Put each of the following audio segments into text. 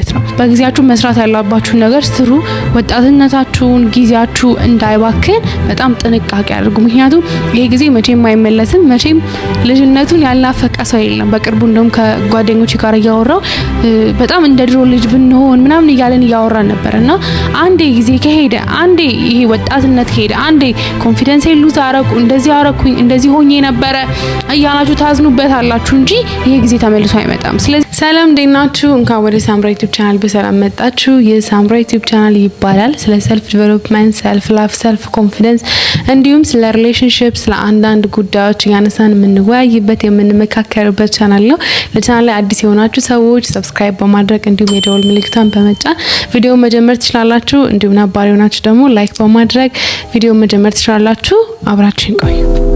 ማለት ነው። በጊዜያችሁ መስራት ያለባችሁን ነገር ስሩ። ወጣትነታችሁን፣ ጊዜያችሁ እንዳይባክን በጣም ጥንቃቄ አድርጉ። ምክንያቱም ይሄ ጊዜ መቼም አይመለስም። መቼም ልጅነቱን ያልናፈቀ ሰው የለም። በቅርቡ እንደውም ከጓደኞች ጋር እያወራው በጣም እንደ ድሮ ልጅ ብንሆን ምናምን እያለን እያወራን ነበር እና አንዴ ጊዜ ከሄደ አንዴ ይሄ ወጣትነት ከሄደ አንዴ ኮንፊደንስ ሉዝ አረቁ እንደዚህ አረኩኝ እንደዚህ ሆኜ ነበረ እያላችሁ ታዝኑበት አላችሁ እንጂ ይሄ ጊዜ ተመልሶ አይመጣም። ስለዚህ ሰላም እንዴት ናችሁ? እንኳን ወደ ሳምራ ዩቲዩብ ቻናል በሰላም መጣችሁ። የሳምራ ዩቲዩብ ቻናል ይባላል ስለ ሰልፍ ዲቨሎፕመንት፣ ሰልፍ ላፍ፣ ሰልፍ ኮንፊደንስ እንዲሁም ስለ ሪሌሽንሽፕ፣ ስለ አንዳንድ ጉዳዮች እያነሳን የምንወያይበት የምንመካከርበት ቻናል ነው። ለቻናል ላይ አዲስ የሆናችሁ ሰዎች ሰብስክራይብ በማድረግ እንዲሁም የደወል ምልክቷን በመጫን ቪዲዮ መጀመር ትችላላችሁ። እንዲሁም ነባር የሆናችሁ ደግሞ ላይክ በማድረግ ቪዲዮ መጀመር ትችላላችሁ። አብራችሁ ቆዩ።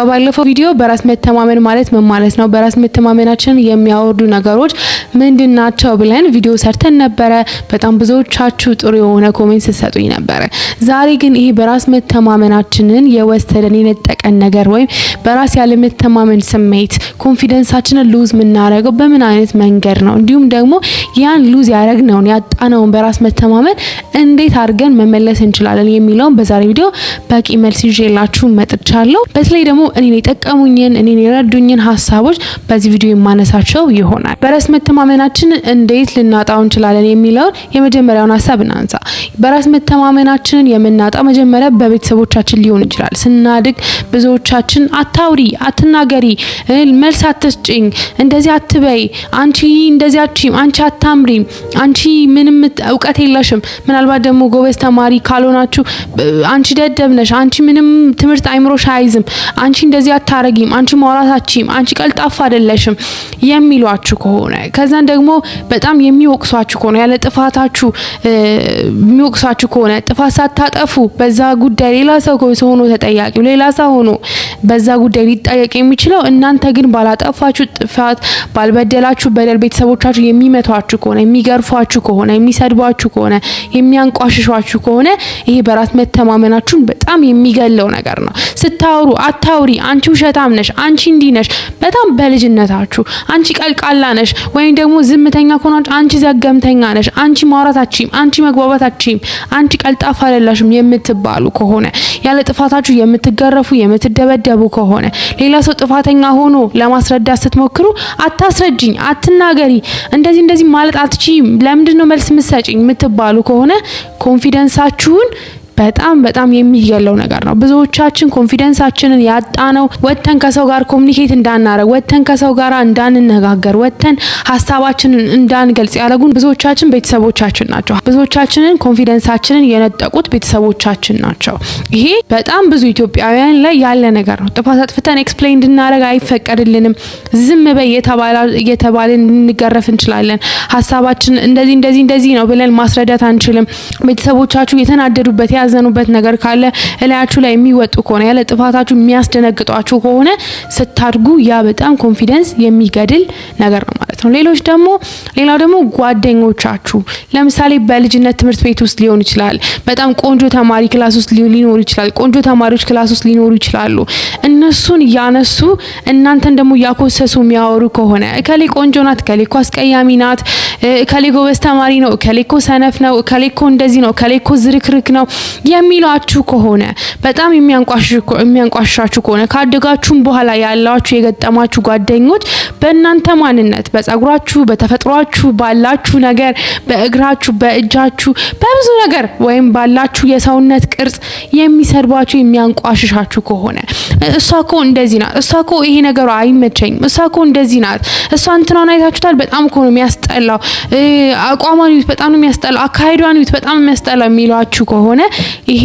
በባለፈው ቪዲዮ በራስ መተማመን ማለት ምን ማለት ነው፣ በራስ መተማመናችንን የሚያወርዱ ነገሮች ምንድን ናቸው ብለን ቪዲዮ ሰርተን ነበረ። በጣም ብዙዎቻችሁ ጥሩ የሆነ ኮሜንት ስትሰጡኝ ነበረ። ዛሬ ግን ይሄ በራስ መተማመናችንን የወሰደን የነጠቀን ነገር ወይም በራስ ያለ መተማመን ስሜት ኮንፊደንሳችንን ሉዝ የምናደርገው በምን አይነት መንገድ ነው፣ እንዲሁም ደግሞ ያን ሉዝ ያደረግነውን ያጣነውን በራስ መተማመን እንዴት አድርገን መመለስ እንችላለን የሚለውን በዛሬ ቪዲዮ በቂ መልስ ይዤላችሁ መጥቻለሁ። በተለይ ደግሞ እኔን የጠቀሙኝን እኔን የረዱኝን ሀሳቦች በዚህ ቪዲዮ የማነሳቸው ይሆናል። በራስ መተማመናችን እንዴት ልናጣው እንችላለን የሚለውን የመጀመሪያውን ሀሳብ እናንሳ። በራስ መተማመናችንን የምናጣው መጀመሪያ በቤተሰቦቻችን ሊሆን ይችላል። ስናድግ ብዙዎቻችን አታውሪ፣ አትናገሪ፣ መልስ አትስጭኝ፣ እንደዚህ አትበይ፣ አንቺ እንደዚህ አትችይም፣ አንቺ አታምሪም፣ አንቺ ምንም እውቀት የለሽም፣ ምናልባት ደግሞ ጎበዝ ተማሪ ካልሆናችሁ አንቺ ደደብ ነሽ፣ አንቺ ምንም ትምህርት አይምሮሽ አይዝም፣ አንቺ እንደዚህ አታረጊም፣ አንቺ ማውራታችም፣ አንቺ ቀልጣፋ አይደለሽም የሚሏችሁ ከሆነ ከዛን ደግሞ በጣም የሚወቅሷችሁ ከሆነ ያለ ጥፋታችሁ የሚወቅሷችሁ ከሆነ ጥፋት ሳታጠፉ በዛ ጉዳይ ሌላ ሰው ሆኖ ተጠያቂ ሌላ ሰው ሆኖ በዛ ጉዳይ ሊጠየቅ የሚችለው እናንተ ግን ባላጠፋችሁ ጥፋት ባልበደላችሁ በደል ቤተሰቦቻችሁ የሚመቷችሁ ከሆነ የሚገርፏችሁ ከሆነ የሚሰድቧችሁ ከሆነ የሚያንቋሽሿችሁ ከሆነ ይሄ በራስ መተማመናችሁን በጣም የሚገለው ነገር ነው። ስታወሩ አታውሪ አትኩሪ፣ አንቺ ውሸታም ነሽ፣ አንቺ እንዲህ ነሽ፣ በጣም በልጅነታችሁ፣ አንቺ ቀልቃላ ነሽ፣ ወይም ደግሞ ዝምተኛ ከሆናችሁ አንቺ ዘገምተኛ ነሽ፣ አንቺ ማውራታችም፣ አንቺ መግባባታችም፣ አንቺ ቀልጣፋ አይደላሽም የምትባሉ ከሆነ ያለ ጥፋታችሁ የምትገረፉ የምትደበደቡ ከሆነ ሌላ ሰው ጥፋተኛ ሆኖ ለማስረዳት ስትሞክሩ አታስረጅኝ፣ አትናገሪ፣ እንደዚህ እንደዚህ ማለት አትችይም፣ ለምንድን ነው መልስ ምሰጭኝ የምትባሉ ከሆነ ኮንፊደንሳችሁን በጣም በጣም የሚገለው ነገር ነው። ብዙዎቻችን ኮንፊደንሳችንን ያጣ ነው ወተን ከሰው ጋር ኮሚኒኬት እንዳናረግ፣ ወተን ከሰው ጋር እንዳንነጋገር፣ ወተን ሀሳባችንን እንዳንገልጽ ያደረጉን ብዙዎቻችን ቤተሰቦቻችን ናቸው። ብዙዎቻችንን ኮንፊደንሳችንን የነጠቁት ቤተሰቦቻችን ናቸው። ይሄ በጣም ብዙ ኢትዮጵያውያን ላይ ያለ ነገር ነው። ጥፋት አጥፍተን ኤክስፕሌን እንድናደረግ አይፈቀድልንም። ዝም በይ እየተባልን እንገረፍ እንችላለን። ሀሳባችን እንደዚህ እንደዚህ እንደዚህ ነው ብለን ማስረዳት አንችልም። ቤተሰቦቻችሁ የተናደዱበት የምትታዘኑበት ነገር ካለ እላያችሁ ላይ የሚወጡ ከሆነ ያለ ጥፋታችሁ የሚያስደነግጧችሁ ከሆነ ስታድጉ ያ በጣም ኮንፊደንስ የሚገድል ነገር ነው ማለት ነው። ሌሎች ደግሞ ሌላው ደግሞ ጓደኞቻችሁ ለምሳሌ በልጅነት ትምህርት ቤት ውስጥ ሊሆን ይችላል። በጣም ቆንጆ ተማሪ ክላስ ውስጥ ሊኖሩ ይችላል። ቆንጆ ተማሪዎች ክላስ ውስጥ ሊኖሩ ይችላሉ። እነሱን እያነሱ እናንተን ደግሞ እያኮሰሱ የሚያወሩ ከሆነ እከሌ ቆንጆ ናት፣ እከሌ እኮ አስቀያሚ ናት እከሌ ጎበዝ ተማሪ ነው፣ እከሌ እኮ ሰነፍ ነው፣ እከሌ እኮ እንደዚህ ነው፣ እከሌ እኮ ዝርክርክ ነው የሚሏችሁ ከሆነ በጣም የሚያንቋሻችሁ ከሆነ ካደጋችሁም በኋላ ያላችሁ የገጠማችሁ ጓደኞች በእናንተ ማንነት፣ በጸጉራችሁ፣ በተፈጥሯችሁ፣ ባላችሁ ነገር፣ በእግራችሁ፣ በእጃችሁ፣ በብዙ ነገር ወይም ባላችሁ የሰውነት ቅርጽ የሚሰድባችሁ የሚያንቋሽሻችሁ ከሆነ እሷ ኮ እንደዚህ ናት፣ እሷ ኮ ይሄ ነገሩ አይመቸኝም፣ እሷ ኮ እንደዚህ ናት፣ እሷ እንትናን አይታችሁታል፣ በጣም ኮ ነው የሚያስጠላው፣ አቋሟን ይዩት፣ በጣም ነው የሚያስጠላው፣ አካሄዷን ይዩት፣ በጣም የሚያስጠላው የሚሏችሁ ከሆነ ይሄ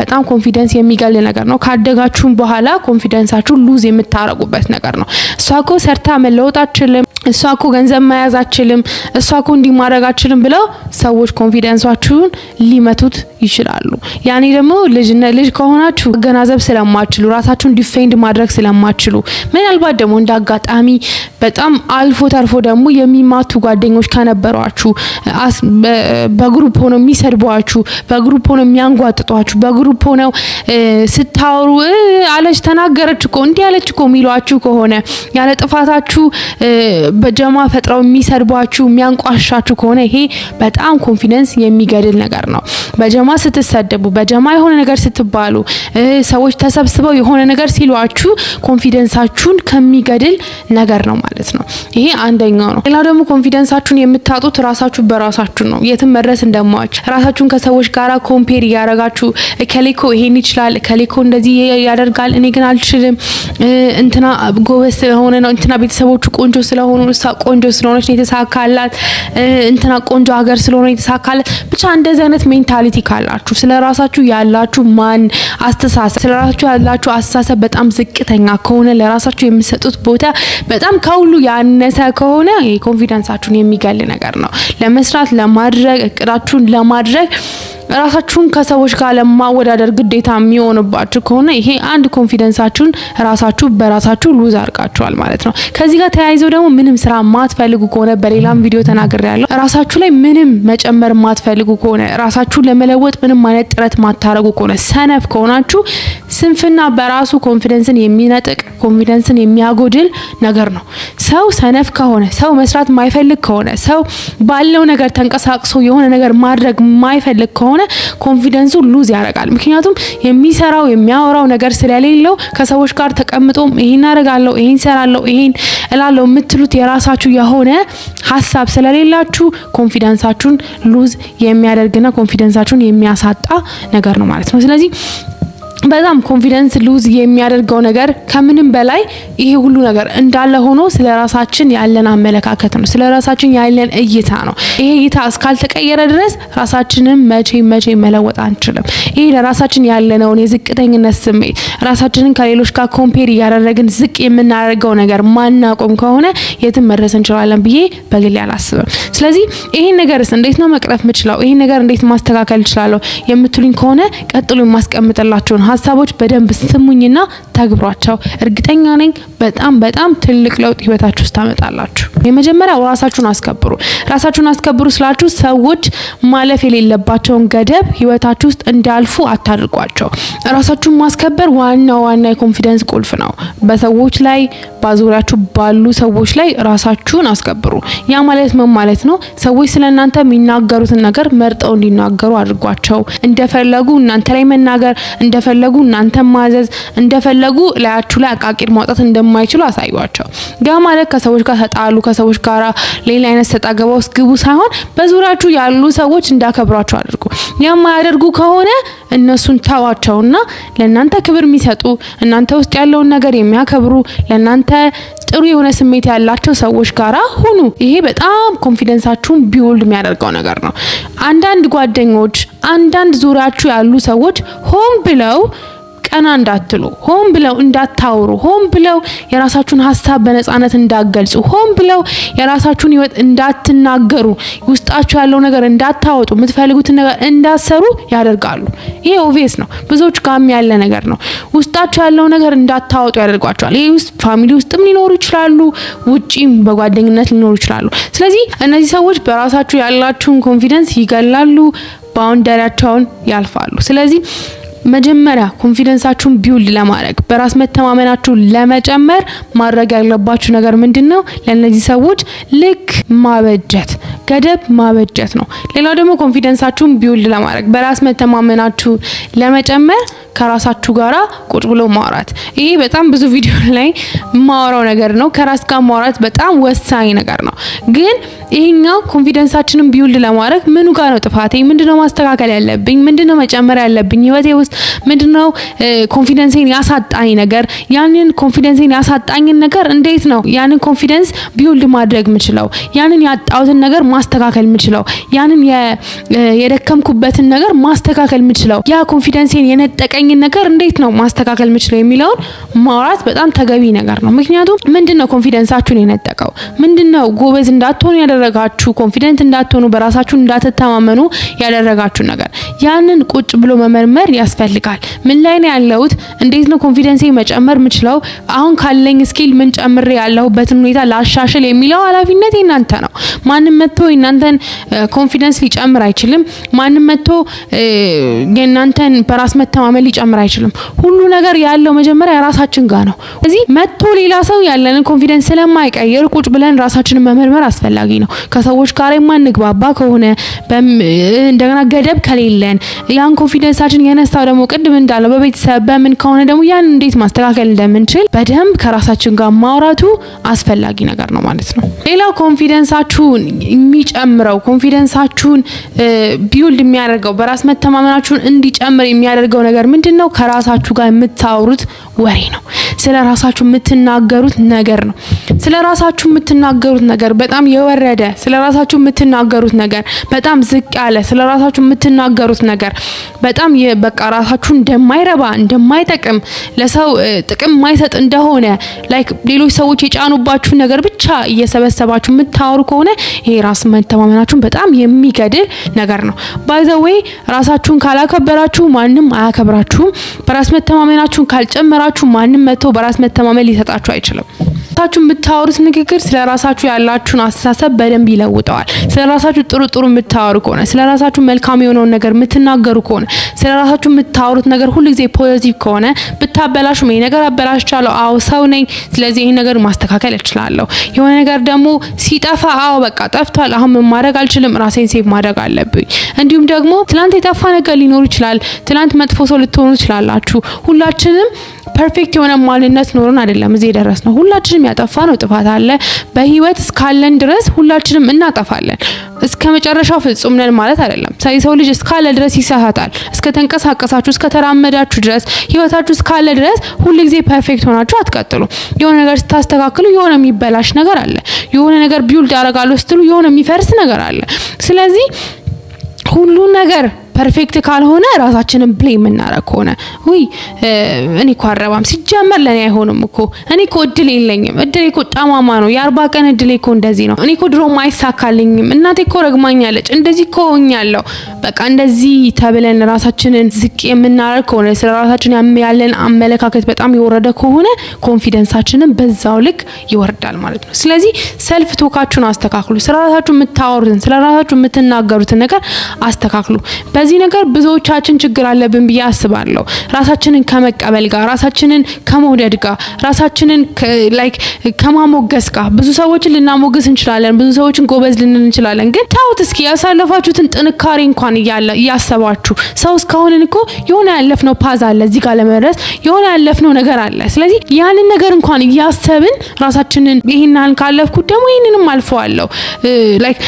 በጣም ኮንፊደንስ የሚገል ነገር ነው። ካደጋችሁም በኋላ ኮንፊደንሳችሁ ሉዝ የምታረጉበት ነገር ነው። እሷ ኮ ሰርታ መለወጥ አችልም፣ እሷ ኮ ገንዘብ መያዝ አችልም፣ እሷ ኮ እንዲህ ማድረግ አችልም ብለው ሰዎች ኮንፊደንሳችሁን ሊመቱት ይችላሉ። ያኔ ደግሞ ልጅነ ልጅ ከሆናችሁ መገናዘብ ስለማችሉ ራሳችሁን ዲፌንድ ማድረግ ስለማችሉ ምናልባት ደግሞ እንደ አጋጣሚ በጣም አልፎ ተርፎ ደግሞ የሚማቱ ጓደኞች ከነበሯችሁ በግሩፕ ሆነው የሚሰድቧችሁ፣ በግሩፕ ሆነው የሚያንጓጥጧችሁ፣ በግሩፕ ሆነው ስታወሩ አለች ተናገረች እኮ እንዲህ አለች እኮ የሚሏችሁ ከሆነ ያለ ጥፋታችሁ በጀማ ፈጥረው የሚሰድቧችሁ፣ የሚያንቋሻችሁ ከሆነ ይሄ በጣም ኮንፊደንስ የሚገድል ነገር ነው። በጀማ ስትሰደቡ፣ በጀማ የሆነ ነገር ስትባሉ፣ ሰዎች ተሰብስበው የሆነ ነገር ሲሏችሁ ኮንፊደንሳችሁን ከሚገድል ነገር ነው ማለት ነው። ይሄ አንደኛው ነው። ሌላው ደግሞ ኮንፊደንሳችሁን የምታጡት ራሳችሁ በራሳችሁ ነው። የትም መድረስ እንደማች ራሳችሁን ከሰዎች ጋራ ኮምፔር እያረጋችሁ ከሌኮ ይሄን ይችላል፣ ከሌኮ እንደዚህ ያደርጋል፣ እኔ ግን አልችልም፣ እንትና ጎበዝ ስለሆነ ነው፣ እንትና ቤተሰቦቹ ቆንጆ ስለሆኑ ቆንጆ ስለሆነች የተሳካላት፣ እንትና ቆንጆ ሀገር ስለሆነ የተሳካላት። ብቻ እንደዚህ አይነት ሜንታሊቲ ካለ ትችላላችሁ። ስለ ራሳችሁ ያላችሁ ማን አስተሳሰብ ስለ ራሳችሁ ያላችሁ አስተሳሰብ በጣም ዝቅተኛ ከሆነ ለራሳችሁ የምትሰጡት ቦታ በጣም ከሁሉ ያነሰ ከሆነ ኮንፊደንሳችሁን የሚገል ነገር ነው። ለመስራት ለማድረግ እቅዳችሁን ለማድረግ ራሳችሁን ከሰዎች ጋር ለማወዳደር ግዴታ የሚሆንባችሁ ከሆነ ይሄ አንድ ኮንፊደንሳችሁን ራሳችሁ በራሳችሁ ሉዝ አድርጋችኋል ማለት ነው። ከዚህ ጋር ተያይዘው ደግሞ ምንም ስራ ማትፈልጉ ከሆነ በሌላም ቪዲዮ ተናግሬ ያለው ራሳችሁ ላይ ምንም መጨመር ማትፈልጉ ከሆነ ራሳችሁን ለመለወጥ ምንም አይነት ጥረት ማታረጉ ከሆነ ሰነፍ ከሆናችሁ ስንፍና በራሱ ኮንፊደንስን የሚነጥቅ ኮንፊደንስን የሚያጎድል ነገር ነው። ሰው ሰነፍ ከሆነ ሰው መስራት ማይፈልግ ከሆነ ሰው ባለው ነገር ተንቀሳቅሶ የሆነ ነገር ማድረግ ማይፈልግ ከሆነ ኮንፊደንሱ ሉዝ ያደርጋል። ምክንያቱም የሚሰራው የሚያወራው ነገር ስለሌለው ከሰዎች ጋር ተቀምጦም ይሄን አደርጋለሁ፣ ይሄን ሰራለሁ፣ ይሄን እላለሁ የምትሉት የራሳችሁ የሆነ ሀሳብ ስለሌላችሁ ኮንፊደንሳችሁን ሉዝ የሚያደርግና ኮንፊደንሳችሁን የሚያሳጣ ነገር ነው ማለት ነው። ስለዚህ በጣም ኮንፊደንስ ሉዝ የሚያደርገው ነገር ከምንም በላይ ይሄ ሁሉ ነገር እንዳለ ሆኖ ስለ ራሳችን ያለን አመለካከት ነው። ስለ ራሳችን ያለን እይታ ነው። ይሄ እይታ እስካልተቀየረ ድረስ ራሳችንን መቼ መቼ መለወጥ አንችልም። ይሄ ለራሳችን ያለነውን የዝቅተኝነት ስሜት ራሳችንን ከሌሎች ጋር ኮምፔር እያደረግን ዝቅ የምናደርገው ነገር ማናቆም ከሆነ የትም መድረስ እንችላለን ብዬ በግሌ አላስብም። ስለዚህ ይሄን ነገርስ እንዴት ነው መቅረፍ ምችለው? ይሄን ነገር እንዴት ማስተካከል እችላለሁ? የምትሉኝ ከሆነ ቀጥሎ የማስቀምጥላችሁን ሀሳቦች በደንብ ስሙኝና ተግብሯቸው። እርግጠኛ ነኝ በጣም በጣም ትልቅ ለውጥ ህይወታችሁ ውስጥ ታመጣላችሁ። የመጀመሪያው ራሳችሁን አስከብሩ። ራሳችሁን አስከብሩ ስላችሁ ሰዎች ማለፍ የሌለባቸውን ገደብ ህይወታችሁ ውስጥ እንዲያልፉ አታድርጓቸው። ራሳችሁን ማስከበር ዋና ዋና የኮንፊደንስ ቁልፍ ነው። በሰዎች ላይ ባዙሪያችሁ ባሉ ሰዎች ላይ ራሳችሁን አስከብሩ። ያ ማለት ምን ማለት ነው? ሰዎች ስለ እናንተ የሚናገሩትን ነገር መርጠው እንዲናገሩ አድርጓቸው። እንደፈለጉ እናንተ ላይ መናገር እንደፈለ እንደፈለጉ እናንተን ማዘዝ እንደፈለጉ ላያችሁ ላይ አቃቂር ማውጣት እንደማይችሉ አሳዩዋቸው። ያ ማለት ከሰዎች ጋር ተጣሉ፣ ከሰዎች ጋር ሌላ አይነት ሰጣ ገባ ውስጥ ግቡ ሳይሆን በዙሪያችሁ ያሉ ሰዎች እንዳከብሯችሁ አድርጉ። የማያደርጉ ከሆነ እነሱን ተዋቸውና ለእናንተ ክብር የሚሰጡ እናንተ ውስጥ ያለውን ነገር የሚያከብሩ ለእናንተ ጥሩ የሆነ ስሜት ያላቸው ሰዎች ጋራ ሁኑ። ይሄ በጣም ኮንፊደንሳችሁን ቢውልድ የሚያደርገው ነገር ነው። አንዳንድ ጓደኞች፣ አንዳንድ ዙሪያችሁ ያሉ ሰዎች ሆን ብለው ቀና እንዳትሉ፣ ሆን ብለው እንዳታወሩ፣ ሆን ብለው የራሳችሁን ሀሳብ በነጻነት እንዳገልጹ፣ ሆን ብለው የራሳችሁን ህይወት እንዳትናገሩ፣ ውስጣችሁ ያለው ነገር እንዳታወጡ፣ የምትፈልጉትን ነገር እንዳሰሩ ያደርጋሉ። ይሄ ኦቪየስ ነው፣ ብዙዎች ጋም ያለ ነገር ነው። ውስጣችሁ ያለው ነገር እንዳታወጡ ያደርጓቸዋል። ይሄ ውስጥ ፋሚሊ ውስጥም ሊኖሩ ይችላሉ፣ ውጪም በጓደኝነት ሊኖሩ ይችላሉ። ስለዚህ እነዚህ ሰዎች በራሳችሁ ያላችሁን ኮንፊደንስ ይገላሉ፣ ባውንደሪያቸውን ያልፋሉ። ስለዚህ መጀመሪያ ኮንፊደንሳችሁን ቢውልድ ለማድረግ በራስ መተማመናችሁን ለመጨመር ማድረግ ያለባችሁ ነገር ምንድን ነው? ለእነዚህ ሰዎች ልክ ማበጀት፣ ገደብ ማበጀት ነው። ሌላው ደግሞ ኮንፊደንሳችሁን ቢውልድ ለማድረግ በራስ መተማመናችሁ ለመጨመር ከራሳችሁ ጋራ ቁጭ ብሎ ማውራት። ይሄ በጣም ብዙ ቪዲዮ ላይ ማወራው ነገር ነው። ከራስ ጋር ማውራት በጣም ወሳኝ ነገር ነው። ግን ይሄኛው ኮንፊደንሳችንን ቢውልድ ለማድረግ ምኑ ጋር ነው ጥፋቴ? ምንድነው ማስተካከል ያለብኝ? ምንድነው መጨመር ያለብኝ ህይወቴ ውስጥ ምንድነው ኮንፊደንሴን ያሳጣኝ ነገር? ያንን ኮንፊደንሴን ያሳጣኝን ነገር እንዴት ነው ያንን ኮንፊደንስ ቢውልድ ማድረግ የምችለው? ያንን ያጣሁትን ነገር ማስተካከል የምችለው? ያንን የደከምኩበትን ነገር ማስተካከል የምችለው? ያ ኮንፊደንሴን የነጠቀኝን ነገር እንዴት ነው ማስተካከል የምችለው የሚለውን ማውራት በጣም ተገቢ ነገር ነው። ምክንያቱም ምንድነው ኮንፊደንሳችሁን የነጠቀው? ምንድነው ጎበዝ እንዳትሆኑ ያደረጋችሁ? ኮንፊደንት እንዳትሆኑ፣ በራሳችሁ እንዳትተማመኑ ያደረጋችሁ ነገር ያንን ቁጭ ብሎ መመርመር ያስፈልጋል። ያስፈልጋል። ምን ላይ ነው ያለሁት? እንዴት ነው ኮንፊደንሴ መጨመር የምችለው? አሁን ካለኝ ስኪል ምን ጨምሬ ያለሁበትን ሁኔታ ላሻሽል የሚለው ኃላፊነት የናንተ ነው። ማንም መጥቶ የናንተን ኮንፊደንስ ሊጨምር አይችልም። ማንም መጥቶ የናንተን በራስ መተማመን ሊጨምር አይችልም። ሁሉ ነገር ያለው መጀመሪያ ራሳችን ጋር ነው። እዚህ መጥቶ ሌላ ሰው ያለንን ኮንፊደንስ ስለማይቀይር ቁጭ ብለን ራሳችንን መመርመር አስፈላጊ ነው። ከሰዎች ጋር የማንግባባ ከሆነ እንደገና ገደብ ከሌለን ያን ኮንፊደንሳችን የነሳው ደግሞ ቅድም እንዳለው በቤተሰብ በምን ከሆነ ደግሞ ያን እንዴት ማስተካከል እንደምንችል በደንብ ከራሳችን ጋር ማውራቱ አስፈላጊ ነገር ነው ማለት ነው። ሌላው ኮንፊደንሳችሁን የሚጨምረው ኮንፊደንሳችሁን ቢውልድ የሚያደርገው በራስ መተማመናችሁን እንዲጨምር የሚያደርገው ነገር ምንድን ነው? ከራሳችሁ ጋር የምታወሩት ወሬ ነው። ስለ ራሳችሁ የምትናገሩት ነገር ነው። ስለ ራሳችሁ የምትናገሩት ነገር በጣም የወረደ ስለ ራሳችሁ የምትናገሩት ነገር በጣም ዝቅ ያለ ስለ ራሳችሁ የምትናገሩት ነገር በጣም በቃ ለራሳችሁ እንደማይረባ እንደማይጠቅም ለሰው ጥቅም ማይሰጥ እንደሆነ ላይክ ሌሎች ሰዎች የጫኑባችሁን ነገር ብቻ እየሰበሰባችሁ የምታወሩ ከሆነ ይሄ ራስ መተማመናችሁን በጣም የሚገድል ነገር ነው። ዌይ ራሳችሁን ካላከበራችሁ ማንም አያከብራችሁም። በራስ መተማመናችሁን ካልጨመራችሁ ማንም መጥቶ በራስ መተማመን ሊሰጣችሁ አይችልም። ራሳችሁ የምታወሩት ንግግር ስለ ራሳችሁ ያላችሁን አስተሳሰብ በደንብ ይለውጠዋል። ስለ ራሳችሁ ጥሩ ጥሩ የምታወሩ ከሆነ፣ ስለ ራሳችሁ መልካም የሆነውን ነገር የምትናገሩ ከሆነ፣ ስለ ራሳችሁ የምታወሩት ነገር ሁሉ ጊዜ ፖዘቲቭ ከሆነ ብታበላሹ ይሄ ነገር አበላሽቻለሁ፣ አዎ ሰው ነኝ፣ ስለዚህ ይሄን ነገር ማስተካከል እችላለሁ። የሆነ ነገር ደግሞ ሲጠፋ አዎ በቃ ጠፍቷል፣ አሁን ምን ማድረግ አልችልም፣ ራሴን ሴቭ ማድረግ አለብኝ። እንዲሁም ደግሞ ትላንት የጠፋ ነገር ሊኖር ይችላል። ትላንት መጥፎ ሰው ልትሆኑ ትችላላችሁ። ሁላችንም ፐርፌክት የሆነ ማንነት ኖሮን አይደለም እዚህ የደረስ ነው። ሁላችንም ያጠፋ ነው ጥፋት አለ። በህይወት እስካለን ድረስ ሁላችንም እናጠፋለን። እስከ መጨረሻው ፍጹም ነን ማለት አይደለም። የሰው ልጅ እስካለ ድረስ ይሳሳታል። እስከ ተንቀሳቀሳችሁ፣ እስከ ተራመዳችሁ ድረስ ህይወታችሁ እስካለ ድረስ ሁልጊዜ ፐርፌክት ሆናችሁ አትቀጥሉ። የሆነ ነገር ስታስተካክሉ የሆነ የሚበላሽ ነገር አለ። የሆነ ነገር ቢውልድ ያደርጋሉ ስትሉ የሆነ የሚፈርስ ነገር አለ። ስለዚህ ሁሉ ነገር ፐርፌክት ካልሆነ ራሳችንን ብሌም የምናረግ ከሆነ ውይ እኔ እኮ አረባም ሲጀመር ለእኔ አይሆንም እኮ እኔ እኮ እድል የለኝም እድል እኮ ጣማማ ነው የአርባ ቀን እድል እኮ እንደዚህ ነው እኔ እኮ ድሮም አይሳካልኝም እናቴ እኮ ረግማኛለች እንደዚህ እኮ ሆኛለሁ በቃ እንደዚህ ተብለን ራሳችንን ዝቅ የምናረግ ከሆነ ስለ ራሳችን ያለን አመለካከት በጣም የወረደ ከሆነ ኮንፊደንሳችንን በዛው ልክ ይወርዳል ማለት ነው ስለዚህ ሰልፍ ቶካችሁን አስተካክሉ ስለ ራሳችሁ የምታወሩትን ስለ ራሳችሁ የምትናገሩትን ነገር አስተካክሉ በዚህ ነገር ብዙዎቻችን ችግር አለብን ብዬ አስባለሁ። ራሳችንን ከመቀበል ጋር፣ ራሳችንን ከመውደድ ጋር፣ ራሳችንን ላይክ ከማሞገስ ጋር ብዙ ሰዎችን ልናሞገስ እንችላለን። ብዙ ሰዎችን ጎበዝ ልንል እንችላለን። ግን ታውት እስኪ ያሳለፋችሁትን ጥንካሬ እንኳን እያሰባችሁ ሰው እስካሁንን እኮ የሆነ ያለፍነው ፓዝ አለ እዚህ ጋር ለመድረስ የሆነ ያለፍነው ነገር አለ። ስለዚህ ያንን ነገር እንኳን እያሰብን ራሳችንን ይህን ያህል ካለፍኩት ደግሞ ይህንንም አልፈዋለሁ ላይክ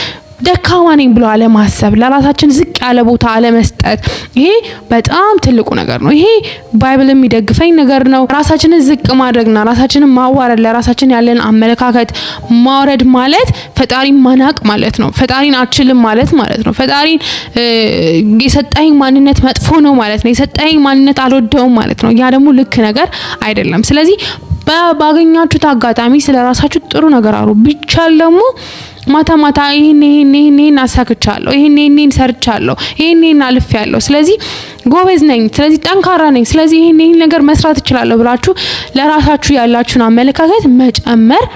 ደካማ ነኝ ብሎ አለማሰብ፣ ለራሳችን ዝቅ ያለ ቦታ አለመስጠት፣ ይሄ በጣም ትልቁ ነገር ነው። ይሄ ባይብል የሚደግፈኝ ነገር ነው። ራሳችንን ዝቅ ማድረግና ራሳችንን ማዋረድ፣ ለራሳችን ያለን አመለካከት ማውረድ ማለት ፈጣሪን ማናቅ ማለት ነው። ፈጣሪን አችልም ማለት ማለት ነው። ፈጣሪን የሰጠኝ ማንነት መጥፎ ነው ማለት ነው። የሰጠኝ ማንነት አልወደውም ማለት ነው። ያ ደግሞ ልክ ነገር አይደለም። ስለዚህ ባገኛችሁት አጋጣሚ ስለ ራሳችሁ ጥሩ ነገር አውሩ። ቢቻል ደግሞ ማታ ማታ ይህን ይህን ይህን ይህን አሳክቻለሁ፣ ይህን ይህን ይህን ሰርቻለሁ፣ ይህን ይህን አልፌያለሁ፣ ስለዚህ ጎበዝ ነኝ፣ ስለዚህ ጠንካራ ነኝ፣ ስለዚህ ይህን ይህን ነገር መስራት እችላለሁ ብላችሁ ለራሳችሁ ያላችሁን አመለካከት መጨመር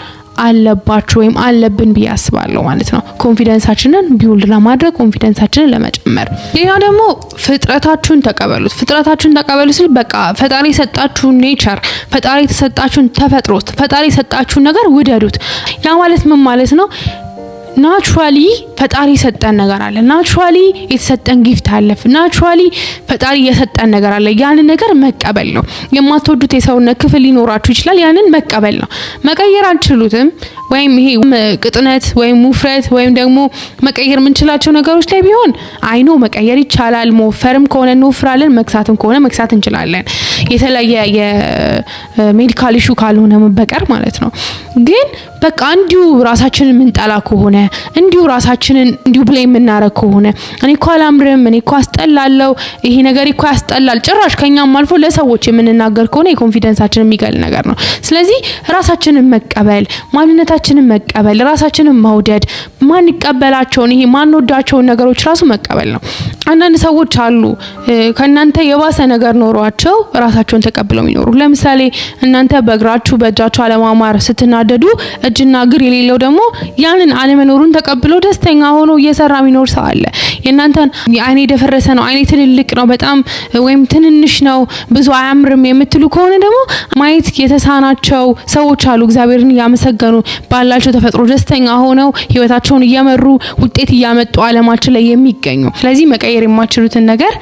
አለባችሁ ወይም አለብን ብዬ አስባለሁ ማለት ነው። ኮንፊደንሳችንን ቢውልድ ለማድረግ ኮንፊደንሳችንን ለመጨመር፣ ሌላ ደግሞ ፍጥረታችሁን ተቀበሉት። ፍጥረታችሁን ተቀበሉ ስል በቃ ፈጣሪ የሰጣችሁን ኔቸር፣ ፈጣሪ የተሰጣችሁን ተፈጥሮት፣ ፈጣሪ የሰጣችሁን ነገር ውደዱት። ያ ማለት ምን ማለት ነው? ናቹራሊ ፈጣሪ የሰጠን ነገር አለ። ናቹራሊ የተሰጠን ጊፍት አለ። ናቹራሊ ፈጣሪ የሰጠን ነገር አለ። ያንን ነገር መቀበል ነው። የማትወዱት የሰውነት ክፍል ሊኖራችሁ ይችላል። ያንን መቀበል ነው። መቀየር አንችሉትም። ወይም ይሄ ቅጥነት ወይም ውፍረት ወይም ደግሞ መቀየር የምንችላቸው ነገሮች ላይ ቢሆን አይኖ መቀየር ይቻላል። መወፈርም ከሆነ እንወፍራለን፣ መግሳትም ከሆነ መግሳት እንችላለን። የተለየ የሜዲካል ኢሹ ካልሆነ በቀር ማለት ነው። ግን በቃ እንዲሁ ራሳችንን የምንጠላ ከሆነ እንዲሁ ራሳችንን እንዲሁ ብላ የምናረግ ከሆነ እኔ እኮ አላምርም፣ እኔ እኮ አስጠላለው፣ ይሄ ነገር እኮ ያስጠላል፣ ጭራሽ ከኛም አልፎ ለሰዎች የምንናገር ከሆነ የኮንፊደንሳችን የሚገል ነገር ነው። ስለዚህ ራሳችንን መቀበል፣ ማንነታችንን መቀበል፣ ራሳችንን መውደድ፣ ማንቀበላቸውን ይሄ ማንወዳቸውን ነገሮች ራሱ መቀበል ነው። አንዳንድ ሰዎች አሉ ከእናንተ የባሰ ነገር ኖሯቸው ራሳቸው እውነታቸውን ተቀብለው የሚኖሩ ለምሳሌ እናንተ በእግራችሁ በእጃችሁ አለማማር ስትናደዱ እጅና እግር የሌለው ደግሞ ያንን አለመኖሩን ተቀብሎ ደስተኛ ሆኖ እየሰራ የሚኖር ሰው አለ። የእናንተን አይኔ የደፈረሰ ነው፣ አይኔ ትልልቅ ነው፣ በጣም ወይም ትንንሽ ነው፣ ብዙ አያምርም የምትሉ ከሆነ ደግሞ ማየት የተሳናቸው ሰዎች አሉ። እግዚአብሔርን እያመሰገኑ ባላቸው ተፈጥሮ ደስተኛ ሆነው ህይወታቸውን እየመሩ ውጤት እያመጡ አለማችን ላይ የሚገኙ ስለዚህ መቀየር የማችሉትን ነገር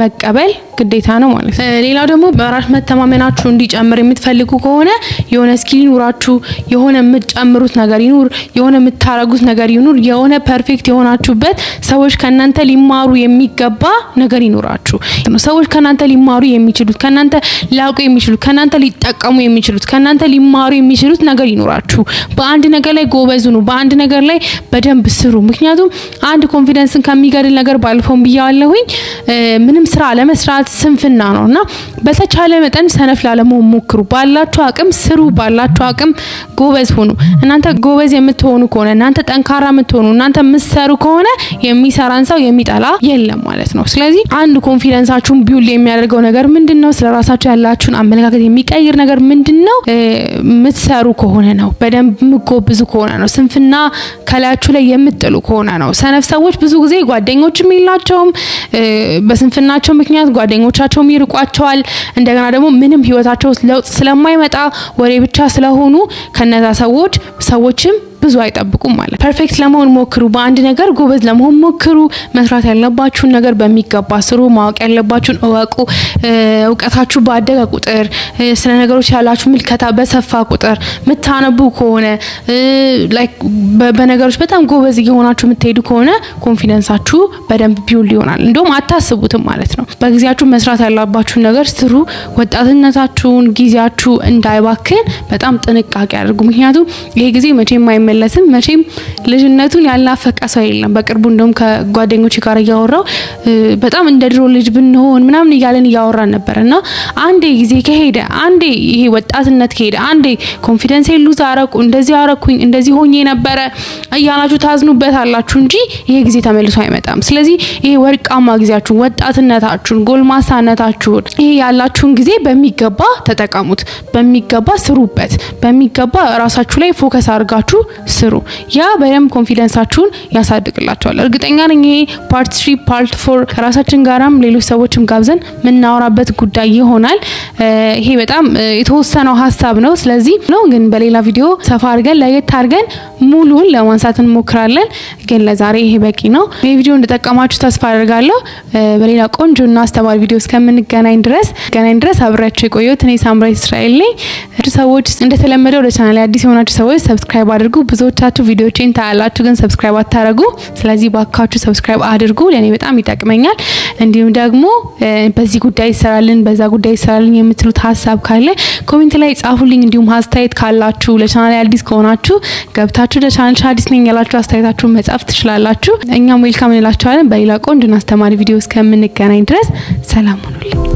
መቀበል ግዴታ ነው ማለት ነው። ሌላው ደግሞ በራስ መተማመናችሁ እንዲጨምር የምትፈልጉ ከሆነ የሆነ ስኪል ይኑራችሁ፣ የሆነ የምትጨምሩት ነገር ይኑር፣ የሆነ የምታረጉት ነገር ይኑር፣ የሆነ ፐርፌክት የሆናችሁበት ሰዎች ከእናንተ ሊማሩ የሚገባ ነገር ይኑራችሁ። ሰዎች ከእናንተ ሊማሩ የሚችሉት ከእናንተ ሊያውቁ የሚችሉት ከእናንተ ሊጠቀሙ የሚችሉት ከእናንተ ሊማሩ የሚችሉት ነገር ይኑራችሁ። በአንድ ነገር ላይ ጎበዝ ሁኑ፣ በአንድ ነገር ላይ በደንብ ስሩ። ምክንያቱም አንድ ኮንፊደንስን ከሚገድል ነገር ባልፈውን ብያዋለሁኝ ምንም ስራ ለመስራት ስንፍና ነው እና በተቻለ መጠን ሰነፍ ላለመሆን ሞክሩ። ባላችሁ አቅም ስሩ፣ ባላችሁ አቅም ጎበዝ ሁኑ። እናንተ ጎበዝ የምትሆኑ ከሆነ እናንተ ጠንካራ የምትሆኑ እናንተ የምትሰሩ ከሆነ የሚሰራን ሰው የሚጠላ የለም ማለት ነው። ስለዚህ አንድ ኮንፊደንሳችሁን ቢውል የሚያደርገው ነገር ምንድን ነው? ስለ ራሳችሁ ያላችሁን አመለካከት የሚቀይር ነገር ምንድን ነው? የምትሰሩ ከሆነ ነው። በደንብ የምትጎብዙ ከሆነ ነው። ስንፍና ከላያችሁ ላይ የምትጥሉ ከሆነ ነው። ሰነፍ ሰዎች ብዙ ጊዜ ጓደኞችም የላቸውም በስንፍና በመሆናቸው ምክንያት ጓደኞቻቸውም ይርቋቸዋል። እንደገና ደግሞ ምንም ህይወታቸው ለውጥ ስለማይመጣ ወሬ ብቻ ስለሆኑ ከነዛ ሰዎች ሰዎችም ብዙ አይጠብቁም ማለት። ፐርፌክት ለመሆን ሞክሩ፣ በአንድ ነገር ጎበዝ ለመሆን ሞክሩ። መስራት ያለባችሁን ነገር በሚገባ ስሩ። ማወቅ ያለባችሁን እወቁ። እውቀታችሁ ባደገ ቁጥር ስለ ነገሮች ያላችሁ ምልከታ በሰፋ ቁጥር ምታነቡ ከሆነ በነገሮች በጣም ጎበዝ እየሆናችሁ የምትሄዱ ከሆነ ኮንፊደንሳችሁ በደንብ ቢውል ይሆናል። እንደውም አታስቡትም ማለት ነው። በጊዜያችሁ መስራት ያለባችሁን ነገር ስሩ። ወጣትነታችሁን ጊዜያችሁ እንዳይባክን በጣም ጥንቃቄ አድርጉ። ምክንያቱም ይሄ ጊዜ መቼ አይመለስም። መቼም ልጅነቱን ያልናፈቀ ሰው የለም። በቅርቡ እንደውም ከጓደኞች ጋር እያወራው በጣም እንደ ድሮ ልጅ ብንሆን ምናምን እያለን እያወራን ነበር እና አንዴ ጊዜ ከሄደ አንዴ ይሄ ወጣትነት ከሄደ አንዴ ኮንፊደንስ ሉዝ አረቁ እንደዚህ አረኩኝ እንደዚህ ሆኜ ነበረ እያላችሁ ታዝኑበት አላችሁ እንጂ ይሄ ጊዜ ተመልሶ አይመጣም። ስለዚህ ይሄ ወርቃማ ጊዜያችሁን፣ ወጣትነታችሁን፣ ጎልማሳነታችሁን ይሄ ያላችሁን ጊዜ በሚገባ ተጠቀሙት፣ በሚገባ ስሩበት፣ በሚገባ ራሳችሁ ላይ ፎከስ አድርጋችሁ ስሩ። ያ በደንብ ኮንፊደንሳችሁን ያሳድግላቸዋል። እርግጠኛ ነኝ ይሄ ፓርት ትሪ ፓርት ፎር ከራሳችን ጋራም ሌሎች ሰዎችም ጋብዘን የምናወራበት ጉዳይ ይሆናል። ይሄ በጣም የተወሰነው ሀሳብ ነው። ስለዚህ ነው ግን በሌላ ቪዲዮ ሰፋ አድርገን ለየት አድርገን ሙሉን ለማንሳት እንሞክራለን። ግን ለዛሬ ይሄ በቂ ነው። ይሄ ቪዲዮ እንደጠቀማችሁ ተስፋ አደርጋለሁ። በሌላ ቆንጆና አስተማሪ ቪዲዮ እስከምንገናኝ ድረስ ገናኝ ድረስ አብሬያችሁ የቆየሁት እኔ ሳምራዊት እስራኤል ነኝ። ሰዎች እንደተለመደው ወደ ቻናል አዲስ የሆናችሁ ሰዎች ሰብስክራይብ አድርጉ። ብዙዎቻችሁ ቪዲዮዎችን ታያላችሁ፣ ግን ሰብስክራይብ አታረጉ። ስለዚህ ባካችሁ ሰብስክራይብ አድርጉ፣ ለእኔ በጣም ይጠቅመኛል። እንዲሁም ደግሞ በዚህ ጉዳይ ይሰራልን፣ በዛ ጉዳይ ይሰራልን የምትሉት ሀሳብ ካለ ኮሜንት ላይ ጻፉልኝ። እንዲሁም አስተያየት ካላችሁ ለቻናል አዲስ ከሆናችሁ ገብታችሁ ለቻናል አዲስ ነኝ ያላችሁ አስተያየታችሁን መጻፍ ትችላላችሁ። እኛም ዌልካም እንላችኋለን። በሌላ ቆንጆና አስተማሪ ቪዲዮ እስከምንገናኝ ድረስ ሰላም ሁኑልኝ።